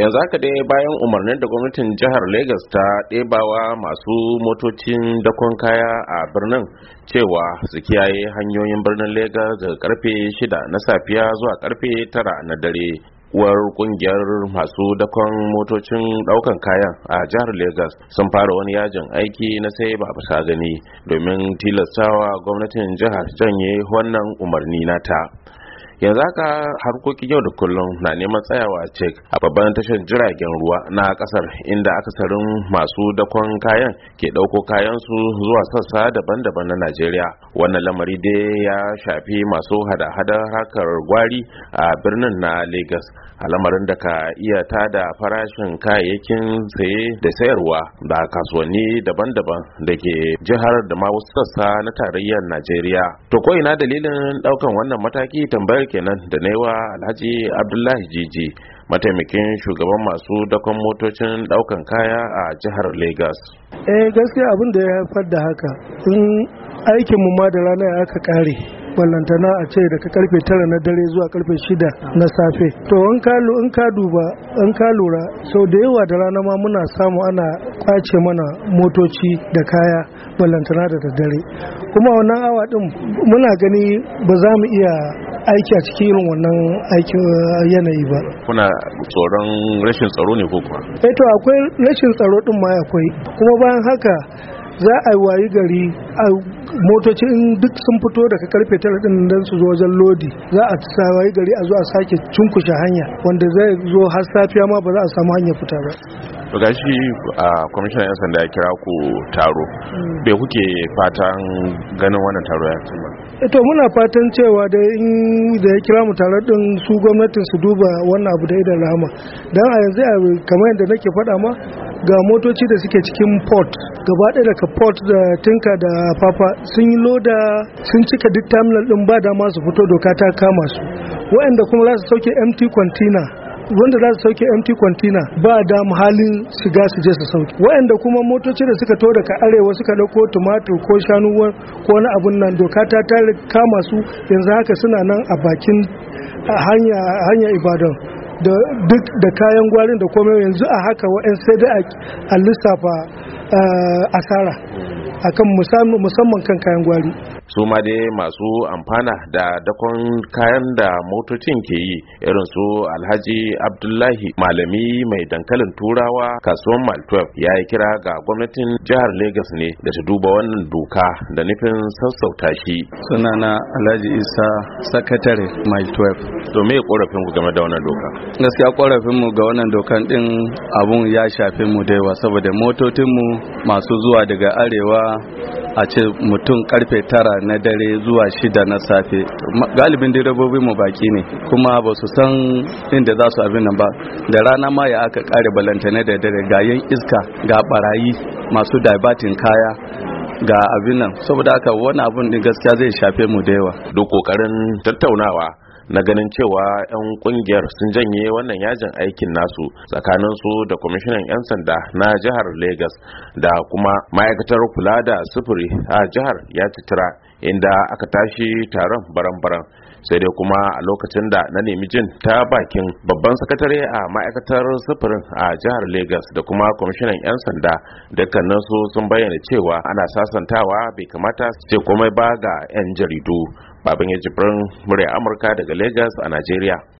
yanzu haka dai bayan umarnin da gwamnatin jihar lagos ta ɗebawa masu motocin dakon kaya a birnin cewa su kiyaye hanyoyin birnin lagos daga karfe shida na safiya zuwa karfe tara na dare uwar kungiyar masu dakon motocin daukan kayan a jihar lagos sun fara wani yajin aiki na sai ba bisa gani domin tilastawa gwamnatin jihar janye wannan umarni nata yanzu haka harkokin yau da kullum na neman tsayawa a cek a babban tashar jiragen ruwa na kasar inda akasarin masu dakon kayan ke ɗauko kayan su zuwa sassa daban-daban na najeriya wannan lamari dai ya shafi masu hada hada harkar gwari a birnin na lagos a lamarin da ka iya tada farashin kayayyakin saye da sayarwa da kasuwanni daban-daban da ke jihar da ma wasu sassa na tarayyar najeriya to ko ina dalilin ɗaukan wannan mataki tambayar kenan da naiwa alhaji abdullahi jiji mataimakin shugaban masu dakon motocin daukan kaya a jihar lagos eh gaskiya abin da ya haifar da haka in aikin mu ma da rana ya aka kare ballantana a ce daga karfe tara na dare zuwa karfe shida na safe to in ka in ka duba in ka lura sau da yawa da rana ma muna samu ana kwace mana motoci da kaya ballantana da daddare kuma wannan awa din muna gani ba za mu iya aiki a cikin irin wannan aikin uh, yanayi ba kuna tsoron rashin tsaro ne ko kuwa eh to akwai rashin tsaro din ma akwai kuma bayan haka za a wayi gari a motocin duk sun fito daga karfe tara din don su zo wajen lodi za a wayi gari a zo a sake cunkushe hanya wanda zai zo har safiya ma ba za a samu hanyar fita ba to gashi a kwamishinan yan sanda ya kira ku taro bai mm. kuke fatan ganin wannan taro ya cimma eh, to muna fatan cewa da in da ya kira mu tare din su gwamnatin su duba wannan abu da idan rahama dan a yanzu kamar yadda nake faɗa ma ga motoci da suke cikin port gaba ɗaya daga port da tinka da papa sun yi loda sun cika duk terminal din ba da masu fito doka ta kama su waɗanda kuma za su sauke empty container wanda za su sauke MT container ba da halin shiga su je su sauke waɗanda kuma motocin da suka to daga arewa suka ɗauko tumatir, ko shanu ko wani abun nan doka ta tare kama su yanzu haka suna nan a bakin hanya Ibadan da duk da kayan gwarin da komai yanzu a haka wa'en sai dai a lissafa eh, asara akan musamman kan kayan gwari su ma dai masu amfana da dakon kayan da motocin ke yi irin su alhaji abdullahi malami mai dankalin turawa kasuwan mal 12 ya yi kira ga gwamnatin jihar Legas ne da ta duba wannan doka da nufin sassauta shi sunana alhaji isa sakatare mile 12 to me korafin ku game da wannan doka gaskiya korafin mu ga wannan dokan din abun ya shafe mu da yawa saboda motocin mu masu zuwa daga arewa a ce mutum karfe tara na dare zuwa shida na safe galibin direbobi mu baki ne kuma ba su san inda za su abin nan ba da rana ma ya aka kare balantane da dare ga yan iska ga barayi masu dabatin kaya ga abin nan saboda haka wani abun da gaskiya zai shafe mu da yawa duk kokarin tattaunawa na ganin cewa 'yan kungiyar sun janye wannan yajin aikin nasu tsakanin su da kwamishinan 'yan sanda na jihar Legas da kuma ma'aikatar kula da sufuri a jihar ya citira inda aka tashi taron baran-baran sai dai kuma a lokacin da na nemi jin ta bakin babban sakatare a ma'aikatar sufurin a jihar Legas da kuma kwamishinan 'yan sanda dukkanin su sun bayyana cewa ana sasantawa bai kamata su ce komai ba ga 'yan jaridu babin ya jibrin murya amurka daga Legas a najeriya